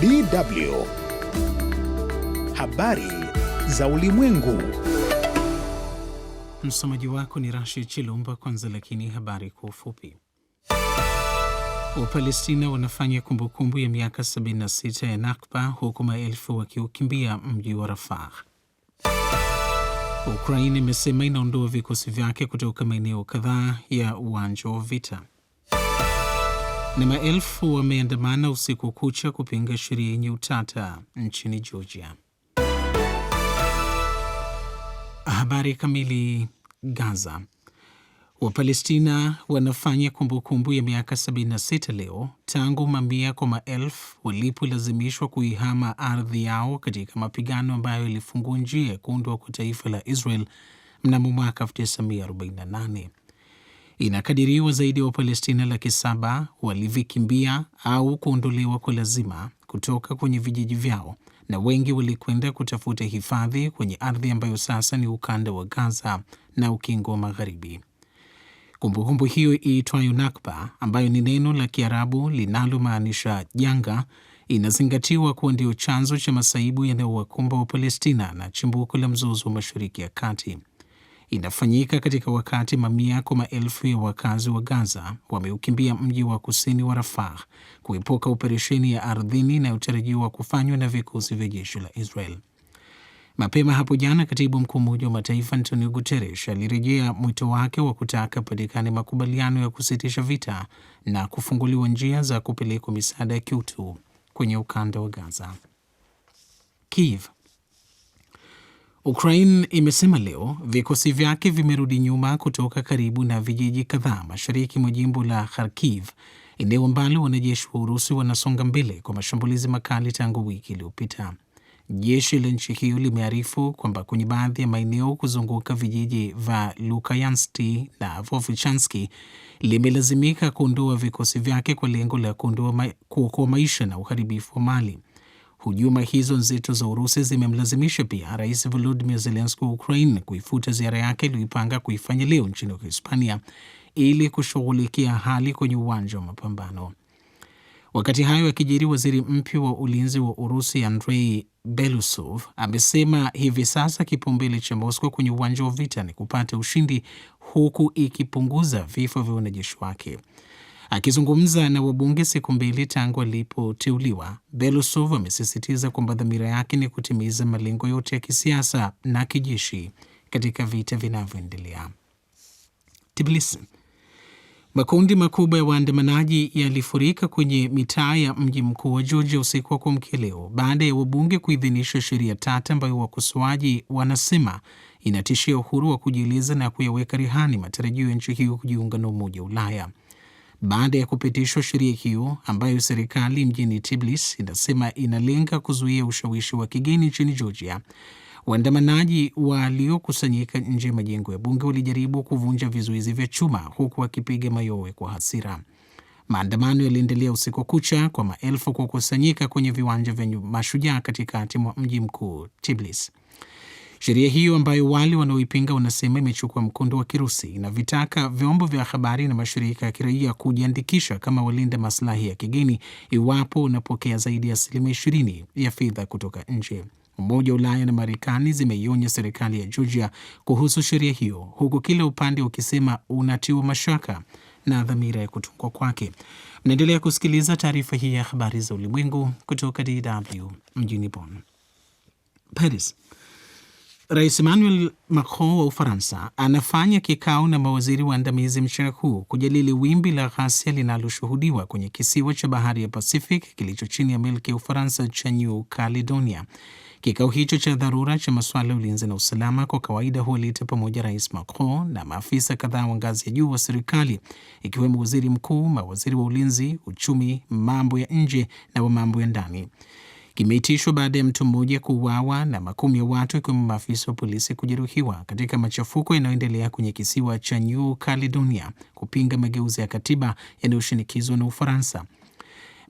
DW. Habari za Ulimwengu. Msomaji wako ni Rashid Chilumba. Kwanza lakini habari kwa ufupi. Wapalestina wanafanya kumbukumbu ya miaka 76 ya Nakba huku maelfu wakiukimbia mji wa Rafah. Ukraine imesema inaondoa vikosi vyake kutoka maeneo kadhaa ya uwanja wa vita. Na maelfu wameandamana usiku kucha kupinga sheria yenye utata nchini Georgia. Habari kamili. Gaza, Wapalestina wanafanya kumbukumbu kumbu ya miaka 76 leo tangu mamia kwa maelfu walipolazimishwa kuihama ardhi yao katika mapigano ambayo ilifungua njia ya kuundwa kwa taifa la Israel mnamo mwaka 1948 inakadiriwa zaidi ya Wapalestina laki saba walivikimbia au kuondolewa kwa lazima kutoka kwenye vijiji vyao na wengi walikwenda kutafuta hifadhi kwenye ardhi ambayo sasa ni ukanda wa Gaza na ukingo wa Magharibi. Kumbukumbu hiyo iitwayo Nakba, ambayo ni neno la Kiarabu linalomaanisha janga, inazingatiwa kuwa ndio chanzo cha masaibu yanayowakumba Wapalestina na chimbuko la mzozo wa Mashariki ya Kati inafanyika katika wakati mamia kwa maelfu ya wakazi wa Gaza wameukimbia mji wa kusini wa Rafah kuepuka operesheni ya ardhini inayotarajiwa kufanywa na vikosi vya jeshi la Israel. Mapema hapo jana, katibu mkuu Umoja wa Mataifa Antonio Guterres alirejea mwito wake wa kutaka patikane makubaliano ya kusitisha vita na kufunguliwa njia za kupelekwa misaada ya kiutu kwenye ukanda wa Gaza. Kiev Ukraine imesema leo vikosi vyake vimerudi nyuma kutoka karibu na vijiji kadhaa mashariki mwa jimbo la Kharkiv, eneo ambalo wanajeshi wa Urusi wanasonga mbele kwa mashambulizi makali tangu wiki iliyopita. Jeshi la nchi hiyo limearifu kwamba kwenye baadhi ya maeneo kuzunguka vijiji vya Lukayansti na Vovichanski limelazimika kuondoa vikosi vyake kwa lengo la kuokoa maisha na uharibifu wa mali. Hujuma hizo nzito za Urusi zimemlazimisha pia Rais volodimir zelenski wa Ukraine kuifuta ziara yake iliyoipanga kuifanya leo nchini Hispania ili kushughulikia hali kwenye uwanja wa mapambano. Wakati hayo akijiri, waziri mpya wa ulinzi wa Urusi Andrei Belusov amesema hivi sasa kipaumbele cha Moscow kwenye uwanja wa vita ni kupata ushindi, huku ikipunguza vifo vya wanajeshi wake. Akizungumza na wabunge siku mbili tangu alipoteuliwa, Belousov amesisitiza kwamba dhamira yake ni kutimiza malengo yote ya kisiasa na kijeshi katika vita vinavyoendelea. Tbilisi. Makundi makubwa ya waandamanaji yalifurika kwenye mitaa ya mji mkuu wa Georgia usiku wa kuamkia leo baada ya wabunge kuidhinisha sheria tata ambayo wakosoaji wanasema inatishia uhuru wa kujieleza na kuyaweka rehani matarajio ya nchi hiyo kujiunga na Umoja wa Ulaya baada ya kupitishwa sheria hiyo ambayo serikali mjini tiblis inasema inalenga kuzuia ushawishi wa kigeni nchini Georgia. Waandamanaji waliokusanyika nje ya majengo ya bunge walijaribu kuvunja vizuizi vya chuma huku wakipiga mayowe kwa hasira. Maandamano yaliendelea usiku kucha kwa maelfu kukusanyika kwenye viwanja vya Mashujaa katikati mwa mji mkuu Tbilisi. Sheria hiyo ambayo wale wanaoipinga wanasema imechukua mkondo wa kirusi inavitaka vyombo vya habari na mashirika ya kiraia kujiandikisha kama walinda maslahi ya kigeni iwapo unapokea zaidi ya asilimia ishirini ya fedha kutoka nje. Umoja wa Ulaya na Marekani zimeionya serikali ya Georgia kuhusu sheria hiyo, huku kila upande ukisema unatiwa mashaka na dhamira ya kutungwa kwake. Mnaendelea kusikiliza taarifa hii ya habari za ulimwengu kutoka DW mjini Bonn. Paris Rais Emmanuel Macron wa Ufaransa anafanya kikao na mawaziri waandamizi mchana huu kujadili wimbi la ghasia linaloshuhudiwa kwenye kisiwa cha bahari ya Pacific kilicho chini ya milki ya Ufaransa cha New Caledonia. Kikao hicho cha dharura cha masuala ya ulinzi na usalama kwa kawaida huwaleta pamoja Rais Macron na maafisa kadhaa wa ngazi ya juu wa serikali ikiwemo waziri mkuu, mawaziri wa ulinzi, uchumi, mambo ya nje na wa mambo ya ndani kimeitishwa baada ya mtu mmoja kuuawa na makumi ya watu ikiwemo maafisa wa polisi kujeruhiwa katika machafuko yanayoendelea kwenye kisiwa cha New Caledonia kupinga mageuzi ya katiba yanayoshinikizwa na Ufaransa.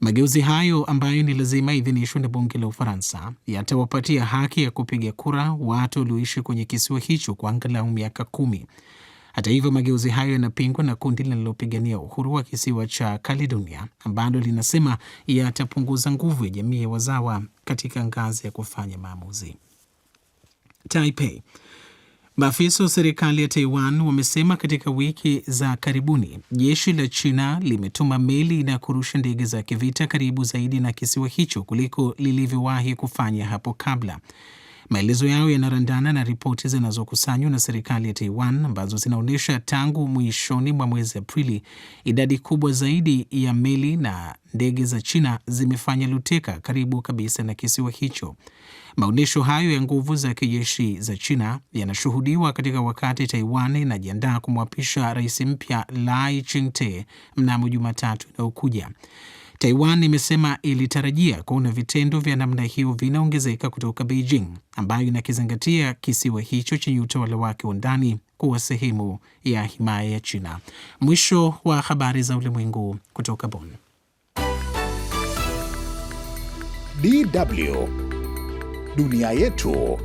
Mageuzi hayo ambayo ni lazima idhinishwe na bunge la Ufaransa yatawapatia haki ya kupiga kura watu walioishi kwenye kisiwa hicho kwa angalau miaka kumi. Hata hivyo, mageuzi hayo yanapingwa na kundi linalopigania uhuru wa kisiwa cha Kaledonia ambalo linasema yatapunguza nguvu ya jamii ya wazawa katika ngazi ya kufanya maamuzi. Taipei. Maafisa wa serikali ya Taiwan wamesema katika wiki za karibuni jeshi la China limetuma meli na kurusha ndege za kivita karibu zaidi na kisiwa hicho kuliko lilivyowahi kufanya hapo kabla. Maelezo yao yanarandana na ripoti zinazokusanywa na serikali ya Taiwan ambazo zinaonyesha tangu mwishoni mwa mwezi Aprili, idadi kubwa zaidi ya meli na ndege za China zimefanya luteka karibu kabisa na kisiwa hicho. Maonyesho hayo ya nguvu za kijeshi za China yanashuhudiwa katika wakati Taiwan inajiandaa kumwapisha rais mpya Lai Ching-te mnamo Jumatatu inayokuja. Taiwan imesema ilitarajia kuona vitendo vya namna hiyo vinaongezeka kutoka Beijing, ambayo inakizingatia kisiwa hicho chenye utawala wake wa ndani kuwa sehemu ya himaya ya China. Mwisho wa habari za ulimwengu kutoka Bonn. DW Dunia Yetu.